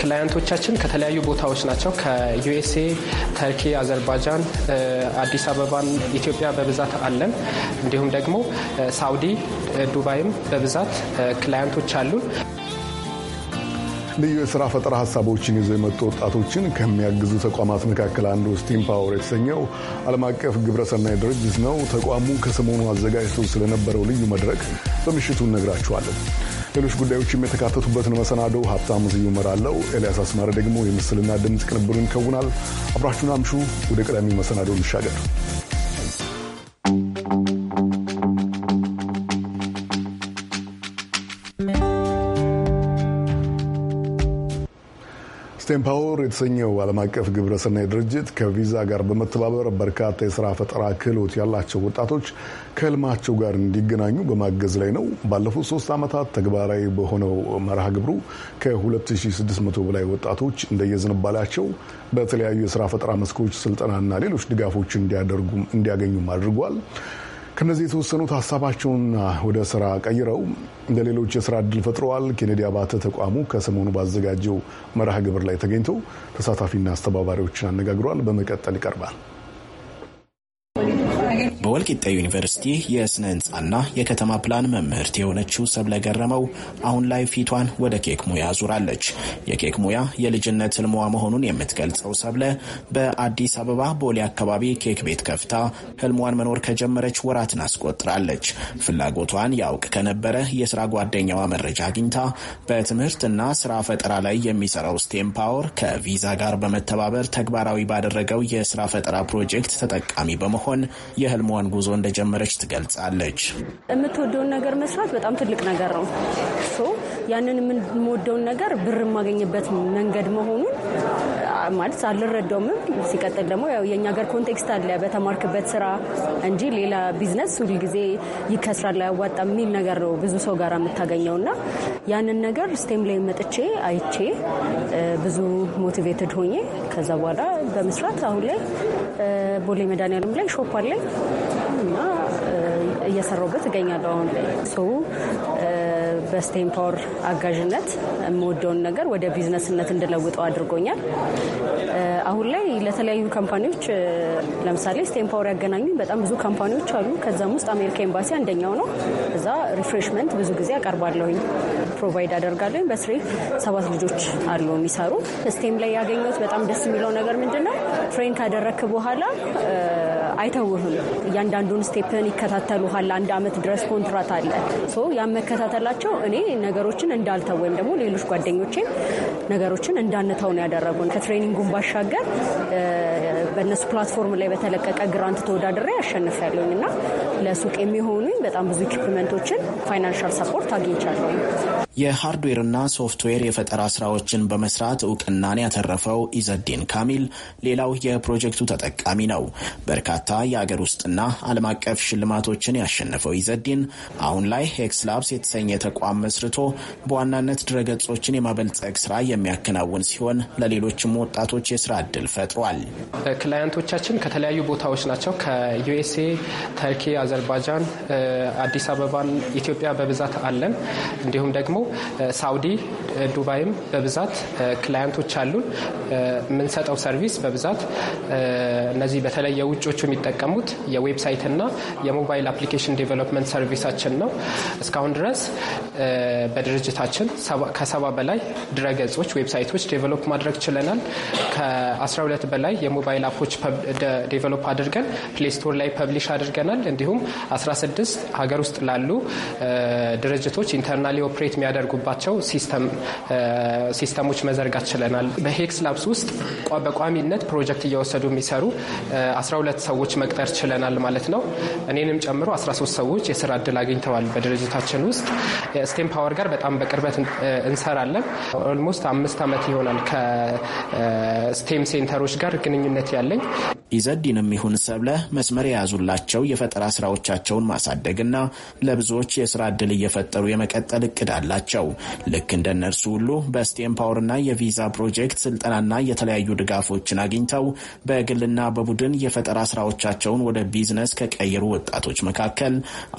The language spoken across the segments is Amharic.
ክላያንቶቻችን ከተለያዩ ቦታዎች ናቸው። ከዩኤስኤ፣ ተርኪ፣ አዘርባጃን አዲስ አበባን፣ ኢትዮጵያ በብዛት አለን። እንዲሁም ደግሞ ሳውዲ፣ ዱባይም በብዛት ክላያንቶች አሉን። ልዩ የስራ ፈጠራ ሀሳቦችን ይዘው የመጡ ወጣቶችን ከሚያግዙ ተቋማት መካከል አንዱ ስቲም ፓወር የተሰኘው ዓለም አቀፍ ግብረሰናይ ድርጅት ነው። ተቋሙ ከሰሞኑ አዘጋጅቶ ስለነበረው ልዩ መድረክ በምሽቱ እነግራችኋለን። ሌሎች ጉዳዮችም የተካተቱበትን መሰናዶው ሀብታሙ ስዩም እመራለሁ። ኤልያስ አስማረ ደግሞ የምስልና ድምፅ ቅንብሩን ይከውናል። አብራችሁን አምሹ። ወደ ቀዳሚው መሰናደው እንሻገር። ፓወር የተሰኘው ዓለም አቀፍ ግብረሰናይ ድርጅት ከቪዛ ጋር በመተባበር በርካታ የስራ ፈጠራ ክህሎት ያላቸው ወጣቶች ከህልማቸው ጋር እንዲገናኙ በማገዝ ላይ ነው። ባለፉት ሶስት ዓመታት ተግባራዊ በሆነው መርሃ ግብሩ ከ2600 በላይ ወጣቶች እንደየዝንባላቸው በተለያዩ የስራ ፈጠራ መስኮች ስልጠናና ሌሎች ድጋፎች እንዲያገኙም አድርጓል። ከነዚህ የተወሰኑት ሀሳባቸውን ወደ ስራ ቀይረው እንደ ሌሎች የስራ እድል ፈጥረዋል። ኬኔዲ አባተ ተቋሙ ከሰሞኑ ባዘጋጀው መርሃ ግብር ላይ ተገኝተው ተሳታፊና አስተባባሪዎችን አነጋግሯል። በመቀጠል ይቀርባል። በወልቂጤ ዩኒቨርሲቲ የስነ ህንፃና የከተማ ፕላን መምህርት የሆነችው ሰብለ ገረመው አሁን ላይ ፊቷን ወደ ኬክ ሙያ አዙራለች። የኬክ ሙያ የልጅነት ህልሟ መሆኑን የምትገልጸው ሰብለ በአዲስ አበባ ቦሌ አካባቢ ኬክ ቤት ከፍታ ህልሟን መኖር ከጀመረች ወራትን አስቆጥራለች። ፍላጎቷን ያውቅ ከነበረ የስራ ጓደኛዋ መረጃ አግኝታ በትምህርትና ስራ ፈጠራ ላይ የሚሰራው ስቴም ፓወር ከቪዛ ጋር በመተባበር ተግባራዊ ባደረገው የስራ ፈጠራ ፕሮጀክት ተጠቃሚ በመሆን የህልሟን የህይወቷን ጉዞ እንደጀመረች ትገልጻለች። የምትወደውን ነገር መስራት በጣም ትልቅ ነገር ነው። ያንን የምንወደውን ነገር ብር የማገኝበት መንገድ መሆኑን ማለት አልረዳውም። ሲቀጥል ደግሞ የእኛ ሀገር ኮንቴክስት አለ። በተማርክበት ስራ እንጂ ሌላ ቢዝነስ ሁል ጊዜ ይከስራል፣ አያዋጣም የሚል ነገር ነው ብዙ ሰው ጋር የምታገኘው እና ያንን ነገር ስቴም ላይ መጥቼ አይቼ ብዙ ሞቲቬትድ ሆኜ ከዛ በኋላ በመስራት አሁን ላይ ቦሌ መድኃኒዓለም ላይ ሾፕ አለኝ። እየሰራሁበት እገኛለሁ። አሁን ሰው በስቴም ፓወር አጋዥነት የምወደውን ነገር ወደ ቢዝነስነት እንድለውጠው አድርጎኛል። አሁን ላይ ለተለያዩ ካምፓኒዎች ለምሳሌ ስቴም ፓወር ያገናኙ በጣም ብዙ ካምፓኒዎች አሉ። ከዛም ውስጥ አሜሪካ ኤምባሲ አንደኛው ነው። እዛ ሪፍሬሽመንት ብዙ ጊዜ አቀርባለሁኝ፣ ፕሮቫይድ አደርጋለሁኝ። በስሬ ሰባት ልጆች አሉ የሚሰሩ ስቴም ላይ ያገኘሁት በጣም ደስ የሚለው ነገር ምንድን ነው ትሬን ካደረክ በኋላ አይተውህም። እያንዳንዱን ስቴፕን ይከታተሉሃል። አንድ አመት ድረስ ኮንትራት አለ። ሶ ያን መከታተላቸው እኔ ነገሮችን እንዳልተው ወይም ደግሞ ሌሎች ጓደኞቼም ነገሮችን እንዳንተው ነው ያደረጉን። ከትሬኒንጉን ባሻገር በእነሱ ፕላትፎርም ላይ በተለቀቀ ግራንት ተወዳድሬ ያለኝ እና ለሱቅ የሚሆኑኝ በጣም ብዙ ኢኩፕመንቶችን ፋይናንሻል ሰፖርት አግኝቻለሁ። የሃርድዌርና ሶፍትዌር የፈጠራ ስራዎችን በመስራት እውቅናን ያተረፈው ኢዘዲን ካሚል ሌላው የፕሮጀክቱ ተጠቃሚ ነው። በርካታ የአገር ውስጥና ዓለም አቀፍ ሽልማቶችን ያሸነፈው ኢዘዲን አሁን ላይ ሄክስላብስ የተሰኘ ተቋም መስርቶ በዋናነት ድረገጾችን የማበልጸግ ስራ የሚያከናውን ሲሆን ለሌሎችም ወጣቶች የስራ እድል ፈጥሯል። ክላያንቶቻችን ከተለያዩ ቦታዎች ናቸው። ከዩኤስኤ፣ ተርኪ፣ አዘርባጃን አዲስ አበባን፣ ኢትዮጵያ በብዛት አለን። እንዲሁም ደግሞ ሳውዲ፣ ዱባይም በብዛት ክላያንቶች አሉን። የምንሰጠው ሰርቪስ በብዛት እነዚህ በተለይ የውጮቹ የሚጠቀሙት የዌብሳይትና የሞባይል አፕሊኬሽን ዴቨሎፕመንት ሰርቪሳችን ነው። እስካሁን ድረስ በድርጅታችን ከሰባ በላይ ድረገጾች፣ ዌብሳይቶች ዴቨሎፕ ማድረግ ችለናል። ከ12 በላይ የሞባይል አፖች ዴቨሎፕ አድርገን ፕሌስቶር ላይ ፐብሊሽ አድርገናል። እንዲሁም 16 ሀገር ውስጥ ላሉ ድርጅቶች ኢንተርናሊ ኦፕሬት የሚያደ የሚያደርጉባቸው ሲስተሞች መዘርጋት ችለናል። በሄክስ ላብስ ውስጥ በቋሚነት ፕሮጀክት እየወሰዱ የሚሰሩ 12 ሰዎች መቅጠር ችለናል ማለት ነው። እኔንም ጨምሮ 13 ሰዎች የስራ እድል አግኝተዋል። በድርጅታችን ውስጥ ስቴም ፓወር ጋር በጣም በቅርበት እንሰራለን። ኦልሞስት አምስት ዓመት ይሆናል ከስቴም ሴንተሮች ጋር ግንኙነት ያለኝ ኢዘዲንም ይሁን ሰብለ መስመር የያዙላቸው የፈጠራ ስራዎቻቸውን ማሳደግና ለብዙዎች የስራ ዕድል እየፈጠሩ የመቀጠል እቅድ አላቸው። ልክ እንደ እነርሱ ሁሉ በስቴምፓወርና የቪዛ ፕሮጀክት ስልጠናና የተለያዩ ድጋፎችን አግኝተው በግልና በቡድን የፈጠራ ስራዎቻቸውን ወደ ቢዝነስ ከቀየሩ ወጣቶች መካከል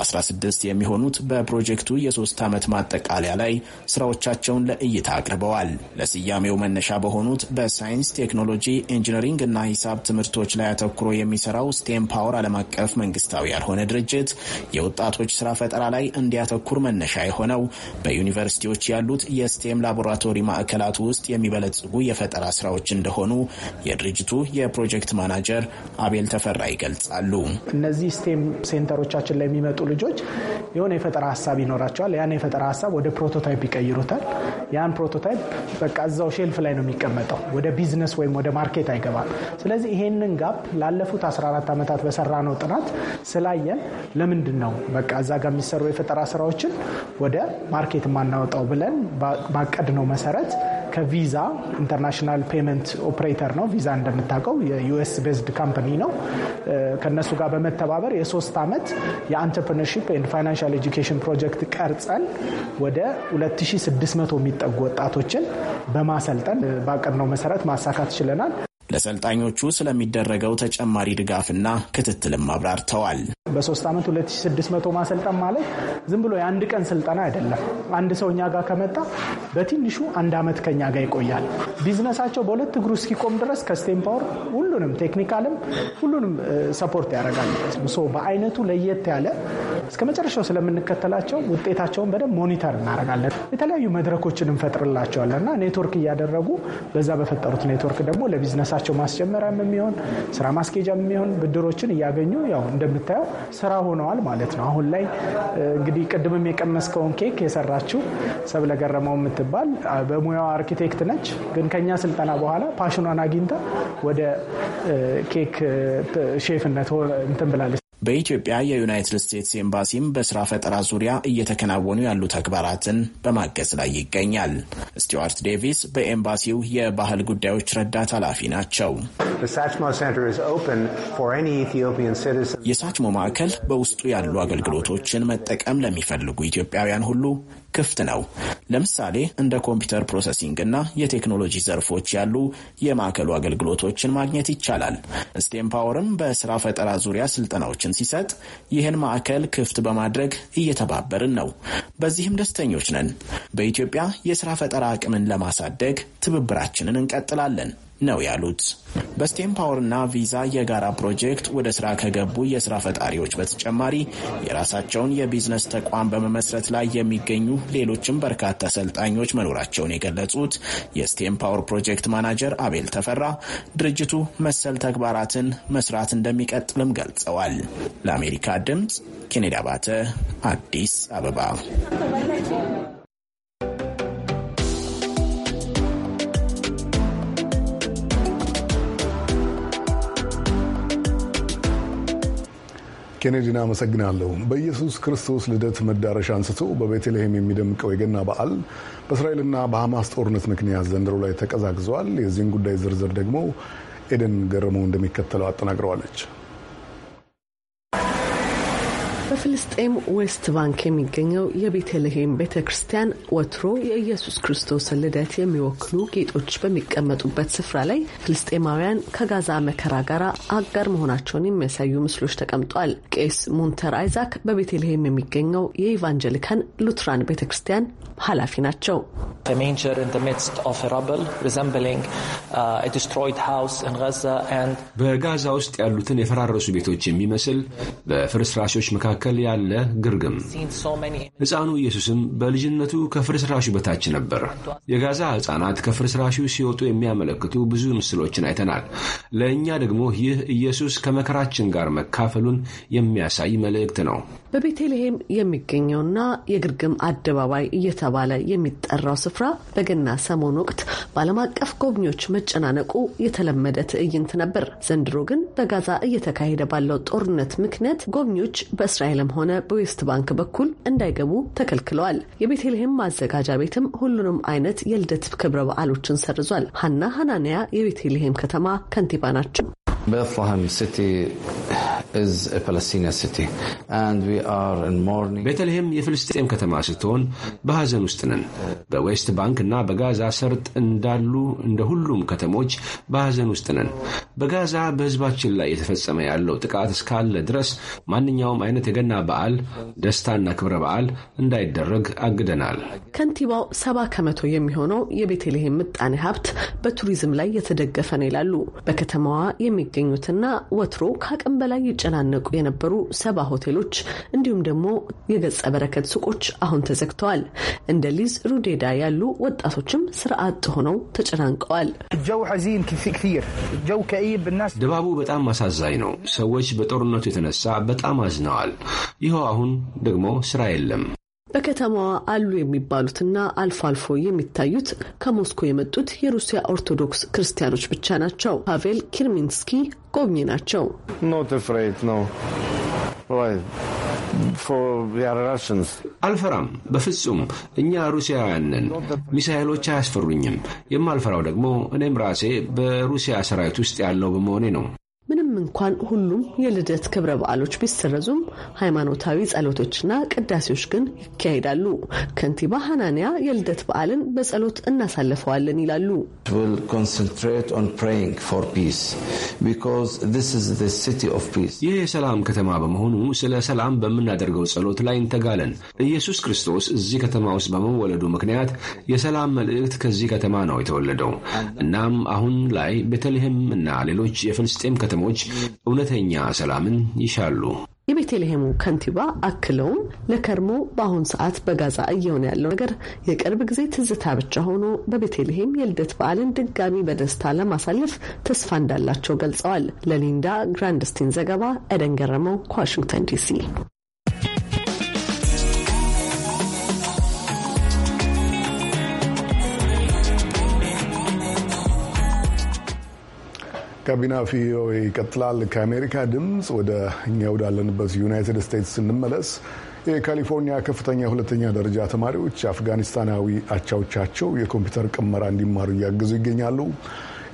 16 የሚሆኑት በፕሮጀክቱ የሶስት ዓመት ማጠቃለያ ላይ ስራዎቻቸውን ለእይታ አቅርበዋል። ለስያሜው መነሻ በሆኑት በሳይንስ ቴክኖሎጂ፣ ኢንጂነሪንግ እና ሂሳብ ትምህርቶች ላይ አተኩሮ የሚሰራው ስቴም ፓወር ዓለም አቀፍ መንግስታዊ ያልሆነ ድርጅት የወጣቶች ስራ ፈጠራ ላይ እንዲያተኩር መነሻ የሆነው በዩኒቨርሲቲዎች ያሉት የስቴም ላቦራቶሪ ማዕከላት ውስጥ የሚበለጽጉ የፈጠራ ስራዎች እንደሆኑ የድርጅቱ የፕሮጀክት ማናጀር አቤል ተፈራ ይገልጻሉ። እነዚህ ስቴም ሴንተሮቻችን ላይ የሚመጡ ልጆች የሆነ የፈጠራ ሀሳብ ይኖራቸዋል። ያን የፈጠራ ሀሳብ ወደ ፕሮቶታይፕ ይቀይሩታል። ያን ፕሮቶታይፕ በቃ እዛው ሼልፍ ላይ ነው የሚቀመጠው። ወደ ቢዝነስ ወይም ወደ ማርኬት አይገባም። ስለዚህ ይሄንን ላብ ላለፉት 14 ዓመታት በሰራ ነው ጥናት ስላየን ለምንድን ነው በቃ እዛ ጋር የሚሰሩ የፈጠራ ስራዎችን ወደ ማርኬት ማናወጣው ብለን ባቀድ ነው መሰረት ከቪዛ ኢንተርናሽናል ፔመንት ኦፕሬተር ነው። ቪዛ እንደምታውቀው የዩኤስ ቤዝድ ካምፕኒ ነው። ከእነሱ ጋር በመተባበር የሶስት ዓመት የአንትርፕርነርሽፕ ኤንድ ፋይናንሽል ኤጁኬሽን ፕሮጀክት ቀርጸን ወደ 2600 የሚጠጉ ወጣቶችን በማሰልጠን ባቀድነው መሰረት ማሳካት ችለናል። ለሰልጣኞቹ ስለሚደረገው ተጨማሪ ድጋፍና ክትትልም አብራርተዋል። በሶስት ዓመት 2600 ማሰልጠን ማለት ዝም ብሎ የአንድ ቀን ስልጠና አይደለም። አንድ ሰው እኛ ጋር ከመጣ በትንሹ አንድ ዓመት ከኛ ጋር ይቆያል። ቢዝነሳቸው በሁለት እግሩ እስኪቆም ድረስ ከስቴም ፓወር ሁሉንም ቴክኒካልም ሁሉንም ሰፖርት ያደርጋል። ሶ በአይነቱ ለየት ያለ እስከ መጨረሻው ስለምንከተላቸው ውጤታቸውን በደንብ ሞኒተር እናደርጋለን። የተለያዩ መድረኮችን እንፈጥርላቸዋለን እና ኔትወርክ እያደረጉ በዛ በፈጠሩት ኔትወርክ ደግሞ ለቢዝነሳ ለራሳቸው ማስጀመሪያም የሚሆን ስራ ማስጌጃ የሚሆን ብድሮችን እያገኙ ያው እንደምታየው ስራ ሆነዋል ማለት ነው። አሁን ላይ እንግዲህ ቅድምም የቀመስከውን ኬክ የሰራችው ሰብለ ገረመው የምትባል በሙያዋ አርኪቴክት ነች። ግን ከኛ ስልጠና በኋላ ፓሽኗን አግኝታ ወደ ኬክ ሼፍነት እንትን ብላለች። በኢትዮጵያ የዩናይትድ ስቴትስ ኤምባሲም በስራ ፈጠራ ዙሪያ እየተከናወኑ ያሉ ተግባራትን በማገዝ ላይ ይገኛል። ስቲዋርት ዴቪስ በኤምባሲው የባህል ጉዳዮች ረዳት ኃላፊ ናቸው። የሳችሞ ማዕከል በውስጡ ያሉ አገልግሎቶችን መጠቀም ለሚፈልጉ ኢትዮጵያውያን ሁሉ ክፍት ነው። ለምሳሌ እንደ ኮምፒውተር ፕሮሰሲንግ እና የቴክኖሎጂ ዘርፎች ያሉ የማዕከሉ አገልግሎቶችን ማግኘት ይቻላል። ስቴምፓወርም ፓወርም በስራ ፈጠራ ዙሪያ ስልጠናዎች አገልግሎቶችን ሲሰጥ ይህን ማዕከል ክፍት በማድረግ እየተባበርን ነው። በዚህም ደስተኞች ነን። በኢትዮጵያ የስራ ፈጠራ አቅምን ለማሳደግ ትብብራችንን እንቀጥላለን። ነው ያሉት። በስቴም ፓወርና ቪዛ የጋራ ፕሮጀክት ወደ ስራ ከገቡ የስራ ፈጣሪዎች በተጨማሪ የራሳቸውን የቢዝነስ ተቋም በመመስረት ላይ የሚገኙ ሌሎችም በርካታ ሰልጣኞች መኖራቸውን የገለጹት የስቴም ፓወር ፕሮጀክት ማናጀር አቤል ተፈራ ድርጅቱ መሰል ተግባራትን መስራት እንደሚቀጥልም ገልጸዋል። ለአሜሪካ ድምፅ ኬኔዲ አባተ አዲስ አበባ ኬኔዲን አመሰግናለሁ። በኢየሱስ ክርስቶስ ልደት መዳረሻ አንስቶ በቤተልሔም የሚደምቀው የገና በዓል በእስራኤልና በሐማስ ጦርነት ምክንያት ዘንድሮ ላይ ተቀዛግዘዋል። የዚህን ጉዳይ ዝርዝር ደግሞ ኤደን ገረመው እንደሚከተለው አጠናቅረዋለች። በፍልስጤም ዌስት ባንክ የሚገኘው የቤተልሔም ቤተ ክርስቲያን ወትሮ የኢየሱስ ክርስቶስን ልደት የሚወክሉ ጌጦች በሚቀመጡበት ስፍራ ላይ ፍልስጤማውያን ከጋዛ መከራ ጋር አጋር መሆናቸውን የሚያሳዩ ምስሎች ተቀምጧል። ቄስ ሙንተር አይዛክ በቤተልሔም የሚገኘው የኢቫንጀሊካን ሉትራን ቤተ ክርስቲያን ኃላፊ ናቸው። uh, በጋዛ ውስጥ ያሉትን የፈራረሱ ቤቶች የሚመስል በፍርስራሾች መካከል መካከል ያለ ግርግም። ሕፃኑ ኢየሱስም በልጅነቱ ከፍርስራሹ በታች ነበር። የጋዛ ሕፃናት ከፍርስራሹ ሲወጡ የሚያመለክቱ ብዙ ምስሎችን አይተናል። ለእኛ ደግሞ ይህ ኢየሱስ ከመከራችን ጋር መካፈሉን የሚያሳይ መልእክት ነው። በቤተልሔም የሚገኘውና የግርግም አደባባይ እየተባለ የሚጠራው ስፍራ በገና ሰሞን ወቅት በዓለም አቀፍ ጎብኚዎች መጨናነቁ የተለመደ ትዕይንት ነበር። ዘንድሮ ግን በጋዛ እየተካሄደ ባለው ጦርነት ምክንያት ጎብኚዎች በእስራኤል በእስራኤልም ሆነ በዌስት ባንክ በኩል እንዳይገቡ ተከልክለዋል። የቤተልሔም ማዘጋጃ ቤትም ሁሉንም አይነት የልደት ክብረ በዓሎችን ሰርዟል። ሀና ሀናንያ የቤተልሔም ከተማ ከንቲባ ናቸው። ቤተልሔም የፍልስጤም ከተማ ስትሆን በሐዘን ውስጥ ነን። በዌስት ባንክ እና በጋዛ ሰርጥ እንዳሉ እንደ ሁሉም ከተሞች በሐዘን ውስጥ ነን። በጋዛ በሕዝባችን ላይ የተፈጸመ ያለው ጥቃት እስካለ ድረስ ማንኛውም አይነት የገና በዓል ደስታና ክብረ በዓል እንዳይደረግ አግደናል። ከንቲባው ሰባ ከመቶ የሚሆነው የቤተልሔም ምጣኔ ሀብት በቱሪዝም ላይ የተደገፈ ነው ይላሉ። በከተማዋ የሚገ የሚገኙትና ወትሮ ከአቅም በላይ ይጨናነቁ የነበሩ ሰባ ሆቴሎች እንዲሁም ደግሞ የገጸ በረከት ሱቆች አሁን ተዘግተዋል። እንደ ሊዝ ሩዴዳ ያሉ ወጣቶችም ስራ አጥ ሆነው ተጨናንቀዋል። ድባቡ በጣም አሳዛኝ ነው። ሰዎች በጦርነቱ የተነሳ በጣም አዝነዋል። ይኸው አሁን ደግሞ ስራ የለም። በከተማዋ አሉ የሚባሉትና አልፎ አልፎ የሚታዩት ከሞስኮ የመጡት የሩሲያ ኦርቶዶክስ ክርስቲያኖች ብቻ ናቸው። ፓቬል ኪርሚንስኪ ጎብኚ ናቸው። አልፈራም፣ በፍጹም እኛ ሩሲያውያን ነን። ሚሳይሎች አያስፈሩኝም። የማልፈራው ደግሞ እኔም ራሴ በሩሲያ ሰራዊት ውስጥ ያለው በመሆኔ ነው። ምንም እንኳን ሁሉም የልደት ክብረ በዓሎች ቢሰረዙም ሃይማኖታዊ ጸሎቶችና ቅዳሴዎች ግን ይካሄዳሉ። ከንቲባ ሃናንያ የልደት በዓልን በጸሎት እናሳልፈዋለን ይላሉ። ይህ የሰላም ከተማ በመሆኑ ስለ ሰላም በምናደርገው ጸሎት ላይ እንተጋለን። ኢየሱስ ክርስቶስ እዚህ ከተማ ውስጥ በመወለዱ ምክንያት የሰላም መልእክት ከዚህ ከተማ ነው የተወለደው። እናም አሁን ላይ ቤተልሔም እና ሌሎች የፍልስጤም ከተሞች ወገኖች እውነተኛ ሰላምን ይሻሉ። የቤተልሔሙ ከንቲባ አክለውም ለከርሞ በአሁን ሰዓት በጋዛ እየሆነ ያለው ነገር የቅርብ ጊዜ ትዝታ ብቻ ሆኖ በቤተልሔም የልደት በዓልን ድጋሚ በደስታ ለማሳለፍ ተስፋ እንዳላቸው ገልጸዋል። ለሊንዳ ግራንድስቲን ዘገባ ኤደን ገረመው ከዋሽንግተን ዲሲ ጋቢና ቪኦኤ ይቀጥላል። ከአሜሪካ ድምፅ ወደ እኛ ወዳለንበት ዩናይትድ ስቴትስ ስንመለስ የካሊፎርኒያ ከፍተኛ ሁለተኛ ደረጃ ተማሪዎች አፍጋኒስታናዊ አቻዎቻቸው የኮምፒውተር ቅመራ እንዲማሩ እያገዙ ይገኛሉ።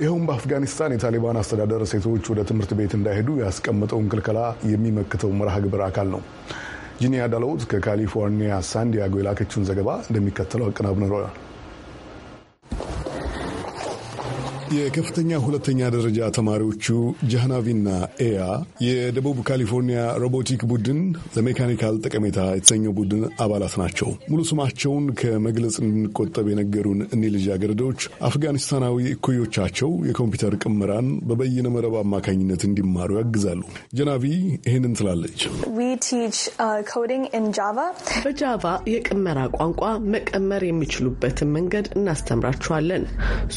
ይኸውም በአፍጋኒስታን የታሊባን አስተዳደር ሴቶች ወደ ትምህርት ቤት እንዳይሄዱ ያስቀመጠውን ክልከላ የሚመክተው መርሃ ግብር አካል ነው። ጂኒያ ዳለውት ከካሊፎርኒያ ሳንዲያጎ የላከችውን ዘገባ እንደሚከተለው አቀናብረናል። የከፍተኛ ሁለተኛ ደረጃ ተማሪዎቹ ጃህናቪና ኤያ የደቡብ ካሊፎርኒያ ሮቦቲክ ቡድን ለሜካኒካል ጠቀሜታ የተሰኘው ቡድን አባላት ናቸው። ሙሉ ስማቸውን ከመግለጽ እንድንቆጠብ የነገሩን እኒህ ልጃገረዶች አፍጋኒስታናዊ እኩዮቻቸው የኮምፒውተር ቅመራን በበይነ መረብ አማካኝነት እንዲማሩ ያግዛሉ። ጀናቪ ይህንን ትላለች። uh, በጃቫ የቅመራ ቋንቋ መቀመር የሚችሉበትን መንገድ እናስተምራችኋለን።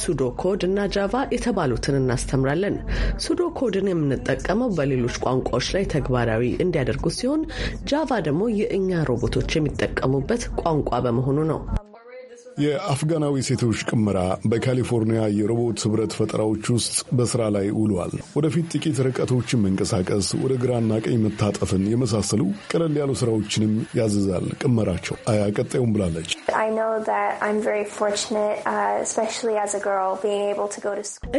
ሱዶ ኮድ እና ጃቫ የተባሉትን እናስተምራለን። ሱዶ ኮድን የምንጠቀመው በሌሎች ቋንቋዎች ላይ ተግባራዊ እንዲያደርጉ ሲሆን ጃቫ ደግሞ የእኛ ሮቦቶች የሚጠቀሙበት ቋንቋ በመሆኑ ነው። የአፍጋናዊ ሴቶች ቅመራ በካሊፎርኒያ የሮቦት ህብረት ፈጠራዎች ውስጥ በስራ ላይ ውሏል። ወደፊት ጥቂት ርቀቶችን መንቀሳቀስ፣ ወደ ግራና ቀኝ መታጠፍን የመሳሰሉ ቀለል ያሉ ስራዎችንም ያዝዛል ቅመራቸው። አያቀጣዩም ብላለች። uh,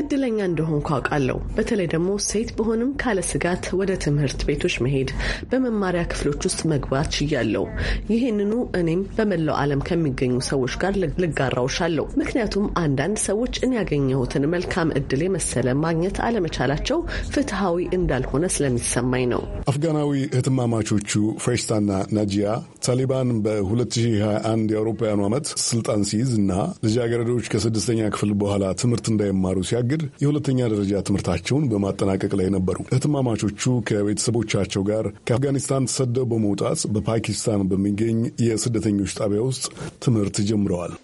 እድለኛ እንደሆንኩ አውቃለሁ። በተለይ ደግሞ ሴት በሆንም ካለ ስጋት ወደ ትምህርት ቤቶች መሄድ፣ በመማሪያ ክፍሎች ውስጥ መግባት ችያለሁ። ይህንኑ እኔም በመላው ዓለም ከሚገኙ ሰዎች ጋር ልጋራውሻለሁ። ምክንያቱም አንዳንድ ሰዎች እኔ ያገኘሁትን መልካም እድል የመሰለ ማግኘት አለመቻላቸው ፍትሐዊ እንዳልሆነ ስለሚሰማኝ ነው። አፍጋናዊ እህትማማቾቹ ፍሬሽታና ናጂያ ታሊባን በ2021 የአውሮፓውያኑ ዓመት ስልጣን ሲይዝ እና ልጃገረዶች ከስድስተኛ ክፍል በኋላ ትምህርት እንዳይማሩ ሲያግድ የሁለተኛ ደረጃ ትምህርታቸውን በማጠናቀቅ ላይ ነበሩ። እህትማማቾቹ ከቤተሰቦቻቸው ጋር ከአፍጋኒስታን ተሰደው በመውጣት በፓኪስታን በሚገኝ የስደተኞች ጣቢያ ውስጥ ትምህርት ጀምረዋል።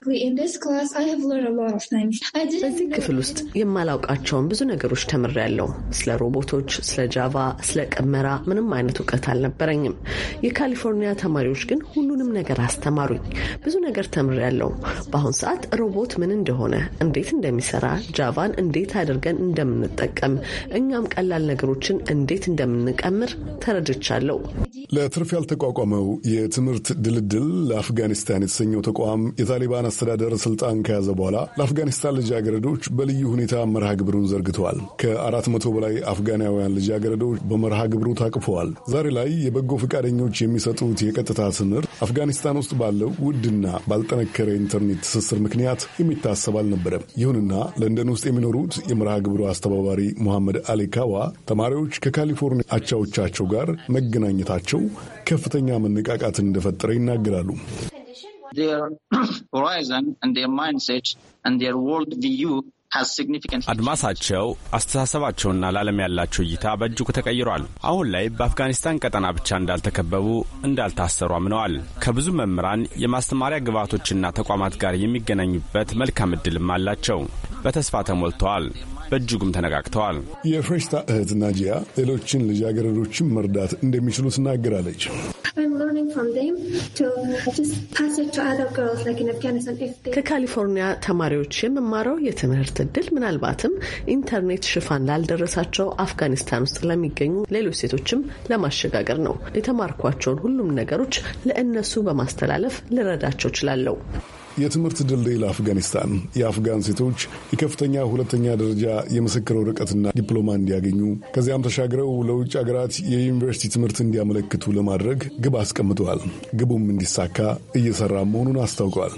በዚህ ክፍል ውስጥ የማላውቃቸውን ብዙ ነገሮች ተምሬያለሁ። ስለ ሮቦቶች፣ ስለ ጃቫ፣ ስለ ቅመራ ምንም አይነት እውቀት አልነበረኝም። የካሊፎርኒያ ተማሪዎች ግን ሁሉንም ነገር አስተማሩኝ። ብዙ ነገር ተምሬያለሁ። በአሁን ሰዓት ሮቦት ምን እንደሆነ፣ እንዴት እንደሚሰራ፣ ጃቫን እንዴት አድርገን እንደምንጠቀም፣ እኛም ቀላል ነገሮችን እንዴት እንደምንቀምር ተረድቻለሁ። ለትርፍ ያልተቋቋመው የትምህርት ድልድል ለአፍጋኒስታን የተሰኘው ተቋም የታሊባን የሱልጣን አስተዳደር ስልጣን ከያዘ በኋላ ለአፍጋኒስታን ልጃገረዶች በልዩ ሁኔታ መርሃ ግብሩን ዘርግተዋል። ከአራት መቶ በላይ አፍጋናውያን ልጃገረዶች በመርሃ ግብሩ ታቅፈዋል። ዛሬ ላይ የበጎ ፈቃደኞች የሚሰጡት የቀጥታ ትምህርት አፍጋኒስታን ውስጥ ባለው ውድና ባልጠነከረ ኢንተርኔት ትስስር ምክንያት የሚታሰብ አልነበረም። ይሁንና ለንደን ውስጥ የሚኖሩት የመርሃ ግብሩ አስተባባሪ ሙሐመድ አሊ ካዋ ተማሪዎች ከካሊፎርኒያ አቻዎቻቸው ጋር መገናኘታቸው ከፍተኛ መነቃቃትን እንደፈጠረ ይናገራሉ። አድማሳቸው፣ አስተሳሰባቸውና ለዓለም ያላቸው እይታ በእጅጉ ተቀይሯል። አሁን ላይ በአፍጋኒስታን ቀጠና ብቻ እንዳልተከበቡ፣ እንዳልታሰሩ አምነዋል። ከብዙ መምህራን የማስተማሪያ ግብዓቶችና ተቋማት ጋር የሚገናኙበት መልካም ዕድልም አላቸው። በተስፋ ተሞልተዋል። በእጅጉም ተነጋግተዋል። የፍሬሽታ እህት ናጂያ ሌሎችን ልጃገረዶችን መርዳት እንደሚችሉ ትናገራለች። ከካሊፎርኒያ ተማሪዎች የምማረው የትምህርት እድል ምናልባትም ኢንተርኔት ሽፋን ላልደረሳቸው አፍጋኒስታን ውስጥ ለሚገኙ ሌሎች ሴቶችም ለማሸጋገር ነው። የተማርኳቸውን ሁሉም ነገሮች ለእነሱ በማስተላለፍ ልረዳቸው እችላለሁ። የትምህርት ድልድይ ለአፍጋኒስታን የአፍጋን ሴቶች የከፍተኛ ሁለተኛ ደረጃ የምስክር ወረቀትና ዲፕሎማ እንዲያገኙ ከዚያም ተሻግረው ለውጭ ሀገራት የዩኒቨርሲቲ ትምህርት እንዲያመለክቱ ለማድረግ ግብ አስቀምጠዋል። ግቡም እንዲሳካ እየሰራ መሆኑን አስታውቀዋል።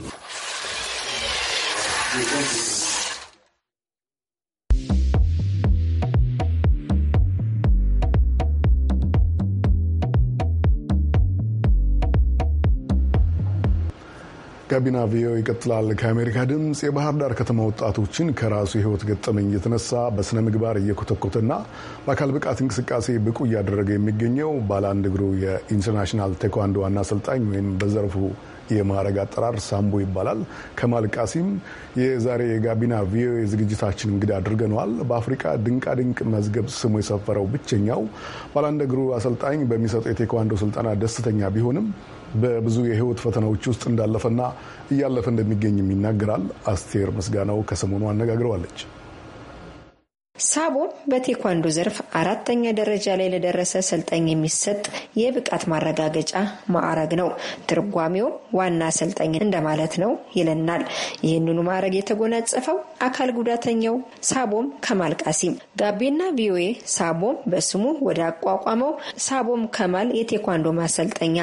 ጋቢና ቪኦኤ ይቀጥላል። ከአሜሪካ ድምፅ የባህር ዳር ከተማ ወጣቶችን ከራሱ ህይወት ገጠመኝ የተነሳ በስነ ምግባር እየኮተኮተና በአካል ብቃት እንቅስቃሴ ብቁ እያደረገ የሚገኘው ባለ አንድ እግሩ የኢንተርናሽናል ቴኳንዶ ዋና አሰልጣኝ ወይም በዘርፉ የማዕረግ አጠራር ሳምቦ ይባላል ከማል ቃሲም የዛሬ የጋቢና ቪኦኤ ዝግጅታችን እንግዳ አድርገነዋል። በአፍሪካ ድንቃድንቅ መዝገብ ስሙ የሰፈረው ብቸኛው ባለ አንድ እግሩ አሰልጣኝ በሚሰጠው የቴኳንዶ ስልጠና ደስተኛ ቢሆንም በብዙ የህይወት ፈተናዎች ውስጥ እንዳለፈና እያለፈ እንደሚገኝም ይናገራል። አስቴር ምስጋናው ከሰሞኑ አነጋግረዋለች። ሳቦን በቴኳንዶ ዘርፍ አራተኛ ደረጃ ላይ ለደረሰ ሰልጠኝ የሚሰጥ የብቃት ማረጋገጫ ማዕረግ ነው። ትርጓሜውም ዋና አሰልጣኝ እንደማለት ነው ይለናል። ይህንኑ ማዕረግ የተጎናጸፈው አካል ጉዳተኛው ሳቦም ከማል ቃሲም ጋቢና ቪኦኤ ሳቦም በስሙ ወደ አቋቋመው ሳቦም ከማል የቴኳንዶ ማሰልጠኛ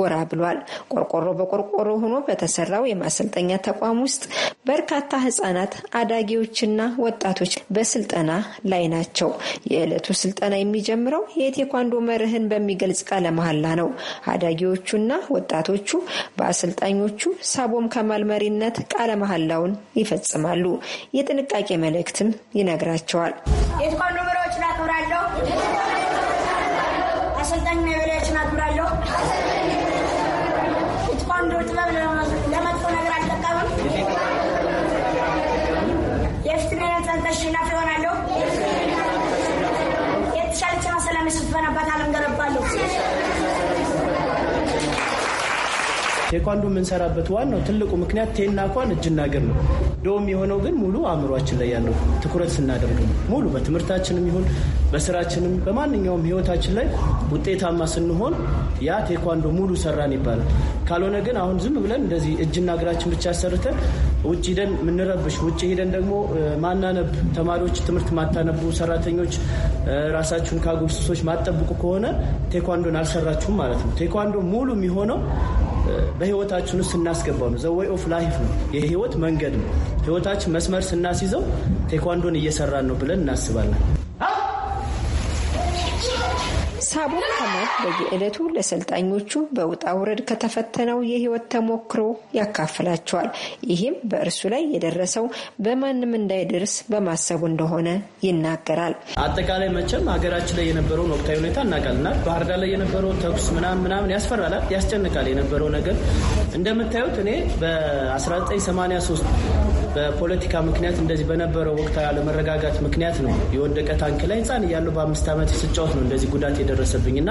ጎራ ብሏል። ቆርቆሮ በቆርቆሮ ሆኖ በተሰራው የማሰልጠኛ ተቋም ውስጥ በርካታ ህጻናት፣ አዳጊዎችና ወጣቶች በስልጠና ላይ ናቸው። የዕለቱ ስልጠና የሚጀምረው የቴኳንዶ መርህን በሚገልጽ ቃለ መሐላ ነው። አዳጊዎቹና ወጣቶቹ በአሰልጣኞቹ ሳቦም ከማል መሪነት ቃለ መሐላውን ይፈጽማሉ። የጥንቃቄ መልእክትም ይነግራቸዋል። ቴኳንዶ የምንሰራበት ዋናው ትልቁ ምክንያት ቴና ኳን እጅና እግር ነው። ዶም የሆነው ግን ሙሉ አእምሯችን ላይ ያለው ትኩረት ስናደርግ ሙሉ በትምህርታችንም ይሁን በስራችንም በማንኛውም ህይወታችን ላይ ውጤታማ ስንሆን ያ ቴኳንዶ ሙሉ ሰራን ይባላል። ካልሆነ ግን አሁን ዝም ብለን እንደዚህ እጅና እግራችን ብቻ ሰርተን ውጭ ሂደን የምንረብሽ ውጭ ሂደን ደግሞ ማናነብ ተማሪዎች፣ ትምህርት ማታነቡ ሰራተኞች፣ ራሳችሁን ከአጎብስሶች ማጠብቁ ከሆነ ቴኳንዶን አልሰራችሁም ማለት ነው። ቴኳንዶ ሙሉ የሚሆነው በህይወታችን ውስጥ ስናስገባው ነው። ዘወይ ኦፍ ላይፍ ነው፣ የህይወት መንገድ ነው። ህይወታችን መስመር ስናስይዘው ቴኳንዶን እየሰራን ነው ብለን እናስባለን። ሳቡ ሐመድ በየዕለቱ ለሰልጣኞቹ በውጣ ውረድ ከተፈተነው የህይወት ተሞክሮ ያካፍላቸዋል። ይህም በእርሱ ላይ የደረሰው በማንም እንዳይደርስ በማሰቡ እንደሆነ ይናገራል። አጠቃላይ መቼም ሀገራችን ላይ የነበረውን ወቅታዊ ሁኔታ እናውቃልናል። ባህር ዳር ላይ የነበረው ተኩስ ምናምን ምናምን ያስፈራላል፣ ያስጨንቃል የነበረው ነገር እንደምታዩት እኔ በ1983 በፖለቲካ ምክንያት እንደዚህ በነበረው ወቅታዊ አለመረጋጋት ምክንያት ነው የወደቀ ታንክ ላይ ህፃን እያለሁ በአምስት ዓመት ስጫወት ነው እንደዚህ ጉዳት የደረሰ ደረሰብኝ እና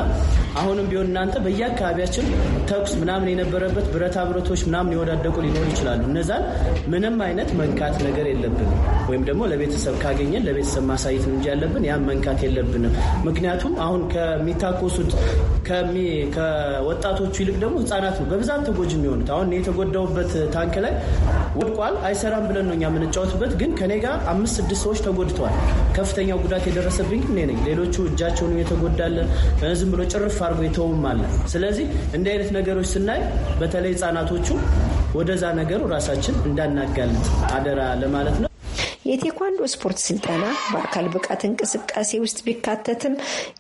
አሁንም ቢሆን እናንተ በየአካባቢያችን ተኩስ ምናምን የነበረበት ብረታ ብረቶች ምናምን የወዳደቁ ሊኖሩ ይችላሉ። እነዛን ምንም አይነት መንካት ነገር የለብንም። ወይም ደግሞ ለቤተሰብ ካገኘን ለቤተሰብ ማሳየት እንጂ ያለብን ያን መንካት የለብንም። ምክንያቱም አሁን ከሚታኮሱት ከወጣቶቹ ይልቅ ደግሞ ህጻናት ነው በብዛት ተጎጂ የሚሆኑት። አሁን የተጎዳውበት ታንክ ላይ ወድቋል አይሰራም ብለን ነው እኛ የምንጫወትበት። ግን ከኔ ጋር አምስት ስድስት ሰዎች ተጎድተዋል። ከፍተኛው ጉዳት የደረሰብኝ እኔ ነኝ። ሌሎቹ እጃቸውን የተጎዳለን ዝም ብሎ ጭርፍ አድርጎ የተውም አለ። ስለዚህ እንዲህ አይነት ነገሮች ስናይ በተለይ ህጻናቶቹ ወደዛ ነገሩ ራሳችን እንዳናጋልጥ አደራ ለማለት ነው። የቴኳንዶ ስፖርት ስልጠና በአካል ብቃት እንቅስቃሴ ውስጥ ቢካተትም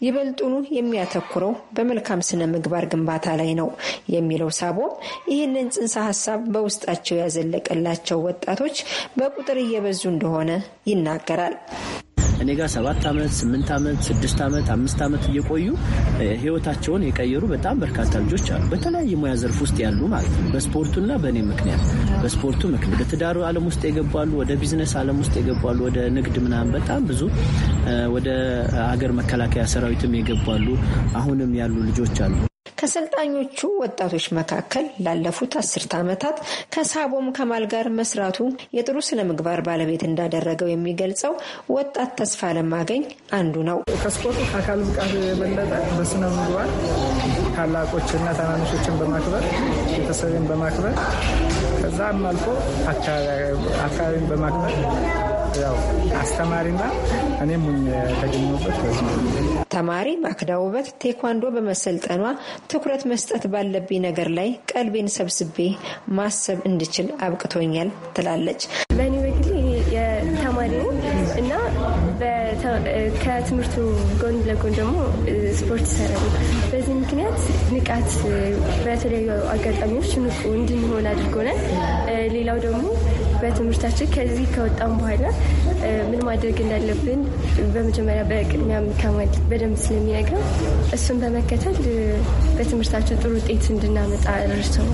ይበልጡኑ የሚያተኩረው በመልካም ስነ ምግባር ግንባታ ላይ ነው የሚለው ሳቦም ይህንን ጽንሰ ሀሳብ በውስጣቸው ያዘለቀላቸው ወጣቶች በቁጥር እየበዙ እንደሆነ ይናገራል። እኔ ጋር ሰባት ዓመት ስምንት ዓመት ስድስት ዓመት አምስት ዓመት እየቆዩ ህይወታቸውን የቀየሩ በጣም በርካታ ልጆች አሉ። በተለያየ ሙያ ዘርፍ ውስጥ ያሉ ማለት ነው። በስፖርቱና በእኔ ምክንያት በስፖርቱ ምክንያት በትዳሩ ዓለም ውስጥ የገባሉ፣ ወደ ቢዝነስ ዓለም ውስጥ የገባሉ፣ ወደ ንግድ ምናምን በጣም ብዙ ወደ ሀገር መከላከያ ሰራዊትም የገባሉ አሁንም ያሉ ልጆች አሉ። ከሰልጣኞቹ ወጣቶች መካከል ላለፉት አስርተ ዓመታት ከሳቦም ከማል ጋር መስራቱ የጥሩ ስነ ምግባር ባለቤት እንዳደረገው የሚገልጸው ወጣት ተስፋ ለማገኝ አንዱ ነው። ከስፖርት አካል ብቃት የበለጠ በስነ ምግባር ታላቆችና ታናናሾችን በማክበር ቤተሰብን በማክበር ከዛም አልፎ አካባቢን በማክበር ያው አስተማሪና እኔም የተገኘበት ተማሪ ማክዳ ውበት ቴኳንዶ በመሰልጠኗ ትኩረት መስጠት ባለብኝ ነገር ላይ ቀልቤን ሰብስቤ ማሰብ እንድችል አብቅቶኛል ትላለች። በእኔ በግሌ ተማሪ ነው እና ከትምህርቱ ጎን ለጎን ደግሞ ስፖርት ይሰራሉ። በዚህ ምክንያት ንቃት በተለያዩ አጋጣሚዎች ንቁ እንድንሆን አድርጎናል። ሌላው ደግሞ በትምህርታችን ከዚህ ከወጣም በኋላ ምን ማድረግ እንዳለብን በመጀመሪያ በቅድሚያ ከማድ በደንብ ስለሚነግረው እሱን በመከተል በትምህርታችን ጥሩ ውጤት እንድናመጣ ረድተው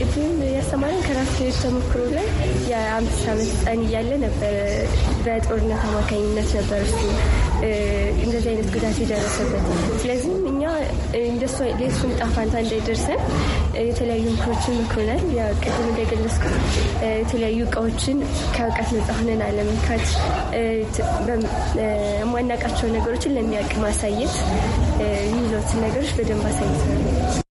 ቅድም ያስተማረን ከራስ ክሄድ ተሞክሮ ላይ የአምስት ዓመት ህፃን እያለ ነበረ በጦርነት አማካኝነት ነበር እሱ እንደዚህ አይነት ጉዳት የደረሰበት። ስለዚህም እኛ እንደሱ የሱን ዕጣ ፈንታ እንዳይደርሰን የተለያዩ ምክሮችን ምክሩናል። ቅድም እንደገለጽኩት የተለያዩ እቃዎችን ከእውቀት ነጻ ሆነን አለመንካት፣ የማናውቃቸው ነገሮችን ለሚያውቅ ማሳየት የሚሉትን ነገሮች በደንብ አሳይተናል።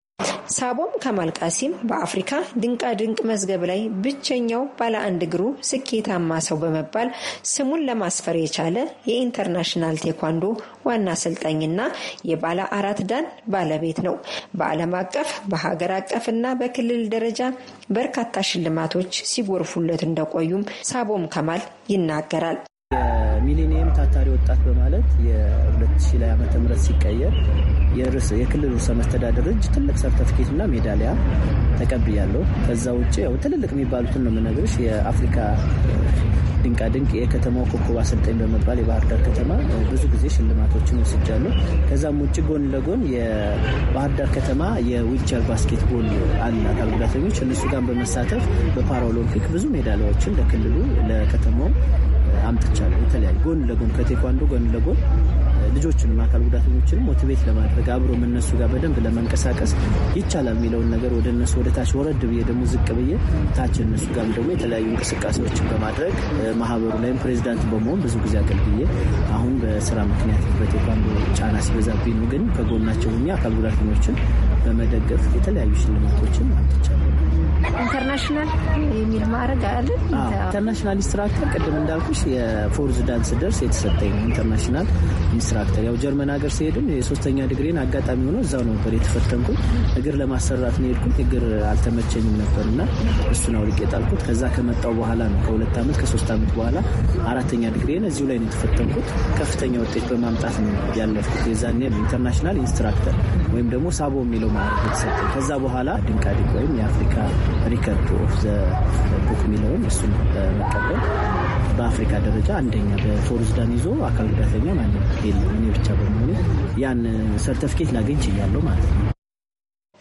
ሳቦም ከማል ቃሲም በአፍሪካ ድንቃድንቅ መዝገብ ላይ ብቸኛው ባለ አንድ እግሩ ስኬታማ ሰው በመባል ስሙን ለማስፈር የቻለ የኢንተርናሽናል ቴኳንዶ ዋና አሰልጣኝና የባለ አራት ዳን ባለቤት ነው። በዓለም አቀፍ በሀገር አቀፍና በክልል ደረጃ በርካታ ሽልማቶች ሲጎርፉለት እንደቆዩም ሳቦም ከማል ይናገራል። ሚሊኒየም ታታሪ ወጣት በማለት የ2000 ላይ ዓመተ ምህረት ሲቀየር የክልል ርዕሰ መስተዳደር እጅ ትልቅ ሰርተፊኬትና ሜዳሊያ ተቀብያለሁ። ከዛ ውጭ ያው ትልልቅ የሚባሉትን ነው የምነግርሽ። የአፍሪካ ድንቃድንቅ የከተማው ኮከብ አሰልጣኝ በመባል የባህር ዳር ከተማ ብዙ ጊዜ ሽልማቶችን ወስጃለሁ። ከዛም ውጭ ጎን ለጎን የባህር ዳር ከተማ የዊልቸር ባስኬትቦል አለ አካል ጉዳተኞች እነሱ ጋር በመሳተፍ በፓራኦሎምፒክ ብዙ ሜዳሊያዎችን ለክልሉ ለከተማው አምጥቻለሁ። የተለያዩ ጎን ለጎን ከቴኳንዶ ጎን ለጎን ልጆችንም አካል ጉዳተኞችንም ሞቲቬት ለማድረግ አብሮ እነሱ ጋር በደንብ ለመንቀሳቀስ ይቻላል የሚለውን ነገር ወደ እነሱ ወደ ታች ወረድ ብዬ ደግሞ ዝቅ ብዬ ታች እነሱ ጋር ደግሞ የተለያዩ እንቅስቃሴዎችን በማድረግ ማህበሩ ላይም ፕሬዚዳንት በመሆን ብዙ ጊዜ አገልግዬ አሁን በስራ ምክንያት በቴኳንዶ ጫና ሲበዛብኝ ግን ከጎናቸው አካል ጉዳተኞችን በመደገፍ የተለያዩ ሽልማቶችን አምጥቻለሁ። ኢንተርናሽናል የሚል ማድረግ አለ። ኢንተርናሽናል ኢንስትራክተር ቅድም እንዳልኩሽ የፎርዝ ዳንስ ደርስ የተሰጠኝ ኢንተርናሽናል ኢንስትራክተር ያው ጀርመን ሀገር ሲሄድም የሶስተኛ ድግሬን አጋጣሚ ሆኖ እዛው ነበር የተፈተንኩት። እግር ለማሰራት ነው የሄድኩት። እግር አልተመቸኝም ነበር እና እሱን አውልቄ የጣልኩት። ከዛ ከመጣው በኋላ ነው ከሁለት ዓመት ከሶስት ዓመት በኋላ አራተኛ ድግሬን እዚሁ ላይ ነው የተፈተንኩት። ከፍተኛ ውጤት በማምጣት ነው ያለፍኩት። የዛኔ ኢንተርናሽናል ኢንስትራክተር ወይም ደግሞ ሳቦ የሚለው ማዕረግ የተሰጠኝ ከዛ በኋላ ድንቃድንቅ ወይም የአፍሪካ ሪከርድ ኦፍ ዘ ቡክ የሚለውን እሱን መቀበል በአፍሪካ ደረጃ አንደኛ በፎርዝዳን ይዞ አካል ጉዳተኛ ማንም የለም እኔ ብቻ በመሆኑ ያን ሰርተፍኬት ላገኝ ችያለሁ ማለት ነው።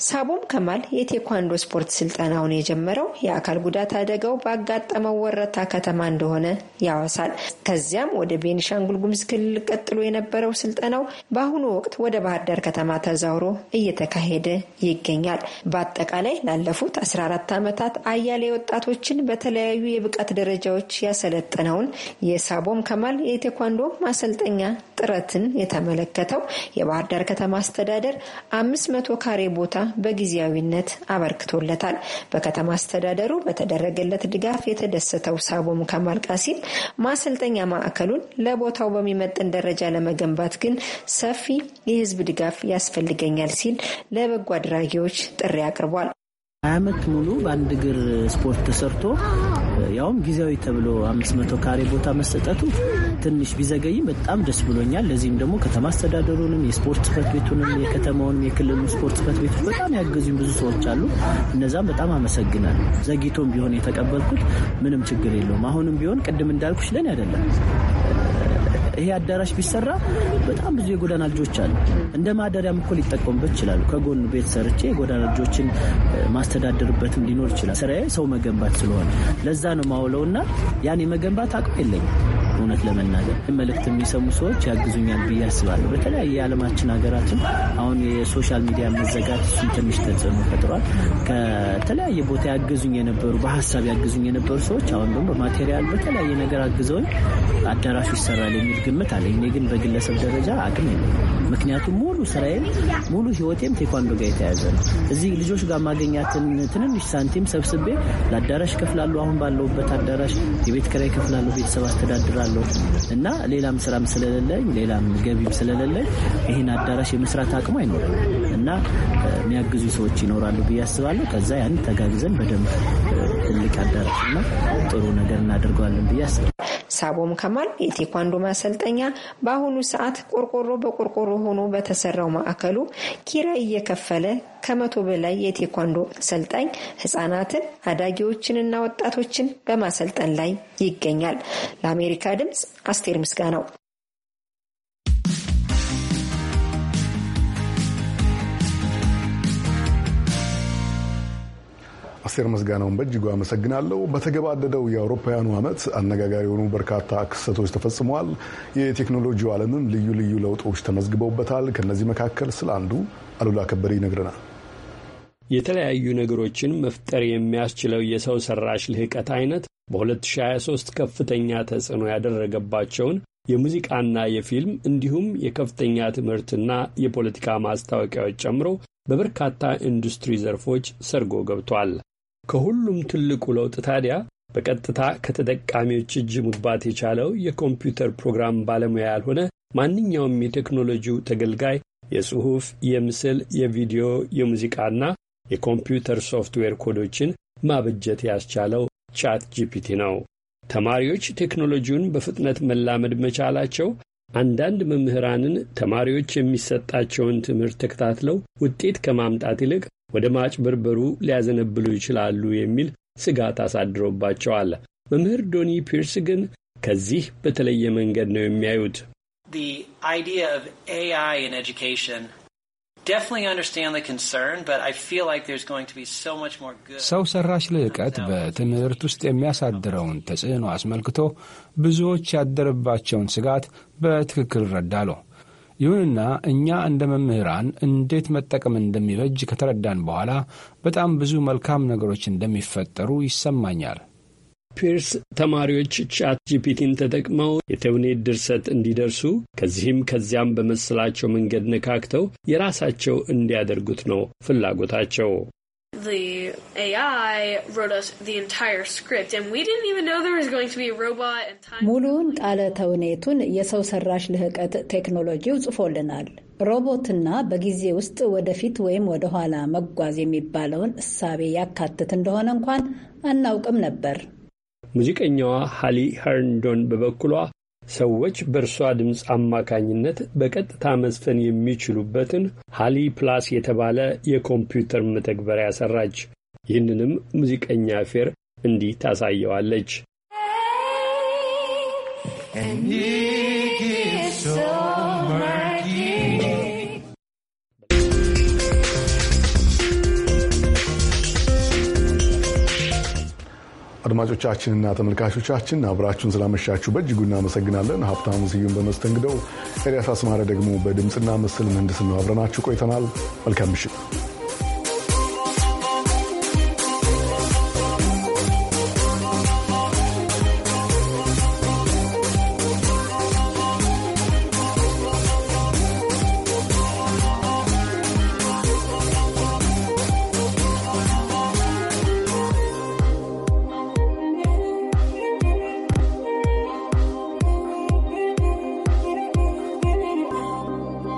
ሳቦም ከማል የቴኳንዶ ስፖርት ስልጠናውን የጀመረው የአካል ጉዳት አደጋው ባጋጠመው ወረታ ከተማ እንደሆነ ያወሳል። ከዚያም ወደ ቤኒሻንጉል ጉምዝ ክልል ቀጥሎ የነበረው ስልጠናው በአሁኑ ወቅት ወደ ባህር ዳር ከተማ ተዛውሮ እየተካሄደ ይገኛል። በአጠቃላይ ላለፉት 14 ዓመታት አያሌ ወጣቶችን በተለያዩ የብቃት ደረጃዎች ያሰለጠነውን የሳቦም ከማል የቴኳንዶ ማሰልጠኛ ጥረትን የተመለከተው የባህር ዳር ከተማ አስተዳደር 500 ካሬ ቦታ በጊዜያዊነት አበርክቶለታል። በከተማ አስተዳደሩ በተደረገለት ድጋፍ የተደሰተው ሳቦም ከማል ቃሲም ማሰልጠኛ ማዕከሉን ለቦታው በሚመጥን ደረጃ ለመገንባት ግን ሰፊ የህዝብ ድጋፍ ያስፈልገኛል ሲል ለበጎ አድራጊዎች ጥሪ አቅርቧል። ሀያ ዓመት ሙሉ በአንድ እግር ስፖርት ተሰርቶ ያውም ጊዜያዊ ተብሎ አምስት መቶ ካሬ ቦታ መሰጠቱ ትንሽ ቢዘገይም በጣም ደስ ብሎኛል። ለዚህም ደግሞ ከተማ አስተዳደሩንም የስፖርት ጽፈት ቤቱንም የከተማውንም የክልሉ ስፖርት ጽፈት ቤቶች በጣም ያገዙኝ ብዙ ሰዎች አሉ። እነዛም በጣም አመሰግናል። ዘግይቶም ቢሆን የተቀበልኩት ምንም ችግር የለውም። አሁንም ቢሆን ቅድም እንዳልኩሽ ለኔ አይደለም ይሄ አዳራሽ ቢሰራ በጣም ብዙ የጎዳና ልጆች አሉ። እንደ ማደሪያም እኮ ሊጠቀሙበት ይችላሉ። ከጎን ቤት ሰርቼ የጎዳና ልጆችን ማስተዳደርበትም ሊኖር ይችላል። ስራዬ ሰው መገንባት ስለሆነ ለዛ ነው ማውለውና ያን የመገንባት አቅም የለኝም። እውነት ለመናገር መልእክት የሚሰሙ ሰዎች ያግዙኛል ብዬ አስባለሁ። በተለያየ የዓለማችን ሀገራትን አሁን የሶሻል ሚዲያ መዘጋት እሱም ትንሽ ተጽዕኖ ፈጥሯል። ከተለያየ ቦታ ያግዙኝ የነበሩ በሀሳብ ያግዙኝ የነበሩ ሰዎች አሁን ደግሞ በማቴሪያል በተለያየ ነገር አግዘውኝ አዳራሹ ይሰራል የሚል ግምት አለ እኔ ግን በግለሰብ ደረጃ አቅም የለ። ምክንያቱም ሙሉ ስራዬም ሙሉ ህይወቴም ቴኳንዶ ጋር የተያዘ ነው። እዚህ ልጆች ጋር ማገኛትን ትንንሽ ሳንቲም ሰብስቤ ለአዳራሽ ከፍላሉ። አሁን ባለውበት አዳራሽ የቤት ኪራይ ከፍላሉ፣ ቤተሰብ አስተዳድራል እችላለሁ እና ሌላም ስራም ስለሌለኝ ሌላም ገቢም ስለሌለኝ ይህን አዳራሽ የመስራት አቅሙ አይኖርም እና የሚያግዙ ሰዎች ይኖራሉ ብዬ አስባለሁ። ከዛ ያን ተጋግዘን በደንብ ትልቅ አዳራሽ እና ጥሩ ነገር እናደርገዋለን ብዬ አስባለሁ። ሳቦም ከማል የቴኳንዶ ማሰልጠኛ በአሁኑ ሰዓት ቆርቆሮ በቆርቆሮ ሆኖ በተሰራው ማዕከሉ ኪራይ እየከፈለ ከመቶ በላይ የቴኳንዶ አሰልጣኝ ህጻናትን፣ አዳጊዎችንና ወጣቶችን በማሰልጠን ላይ ይገኛል። ለአሜሪካ ድምፅ አስቴር ምስጋናው አስቴር ምስጋናውን በእጅጉ አመሰግናለሁ። በተገባደደው የአውሮፓውያኑ ዓመት አነጋጋሪ የሆኑ በርካታ ክስተቶች ተፈጽመዋል። የቴክኖሎጂው ዓለምም ልዩ ልዩ ለውጦች ተመዝግበውበታል። ከእነዚህ መካከል ስለ አንዱ አሉላ ከበደ ይነግረናል። የተለያዩ ነገሮችን መፍጠር የሚያስችለው የሰው ሰራሽ ልህቀት አይነት በ2023 ከፍተኛ ተጽዕኖ ያደረገባቸውን የሙዚቃና የፊልም እንዲሁም የከፍተኛ ትምህርትና የፖለቲካ ማስታወቂያዎች ጨምሮ በበርካታ ኢንዱስትሪ ዘርፎች ሰርጎ ገብቷል። ከሁሉም ትልቁ ለውጥ ታዲያ በቀጥታ ከተጠቃሚዎች እጅ መግባት የቻለው የኮምፒውተር ፕሮግራም ባለሙያ ያልሆነ ማንኛውም የቴክኖሎጂው ተገልጋይ የጽሑፍ፣ የምስል፣ የቪዲዮ፣ የሙዚቃና የኮምፒውተር ሶፍትዌር ኮዶችን ማበጀት ያስቻለው ቻት ጂፒቲ ነው። ተማሪዎች ቴክኖሎጂውን በፍጥነት መላመድ መቻላቸው አንዳንድ መምህራንን ተማሪዎች የሚሰጣቸውን ትምህርት ተከታትለው ውጤት ከማምጣት ይልቅ ወደ ማጭበርበሩ ሊያዘነብሉ ይችላሉ የሚል ስጋት አሳድሮባቸዋል። መምህር ዶኒ ፒርስ ግን ከዚህ በተለየ መንገድ ነው የሚያዩት። ሰው ሰራሽ ልዕቀት በትምህርት ውስጥ የሚያሳድረውን ተጽዕኖ አስመልክቶ ብዙዎች ያደረባቸውን ስጋት በትክክል እረዳለሁ። ይሁንና እኛ እንደ መምህራን እንዴት መጠቀም እንደሚበጅ ከተረዳን በኋላ በጣም ብዙ መልካም ነገሮች እንደሚፈጠሩ ይሰማኛል። ፒርስ ተማሪዎች ቻት ጂፒቲን ተጠቅመው የተውኔት ድርሰት እንዲደርሱ ከዚህም ከዚያም በመሰላቸው መንገድ ነካክተው የራሳቸው እንዲያደርጉት ነው ፍላጎታቸው። the AI wrote us the entire script and we didn't even know there was going to be a robot and time. ሙሉውን ቃለ ተውኔቱን የሰው ሰራሽ ልህቀት ቴክኖሎጂው ጽፎልናል። ሮቦትና በጊዜ ውስጥ ወደፊት ወይም ወደኋላ መጓዝ የሚባለውን እሳቤ ያካትት እንደሆነ እንኳን አናውቅም ነበር። ሙዚቀኛዋ ሃሊ ኸርንዶን በበኩሏ ሰዎች በእርሷ ድምፅ አማካኝነት በቀጥታ መዝፈን የሚችሉበትን ሃሊ ፕላስ የተባለ የኮምፒውተር መተግበሪያ ሰራች። ይህንንም ሙዚቀኛ ፌር እንዲህ ታሳየዋለች። አድማጮቻችንና ተመልካቾቻችን አብራችሁን ስላመሻችሁ በእጅጉ እናመሰግናለን። ሀብታሙ ስዩም በመስተንግደው፣ ኤልያስ አስማረ ደግሞ በድምፅና ምስል ምህንድስና አብረናችሁ ቆይተናል። መልካም ምሽት።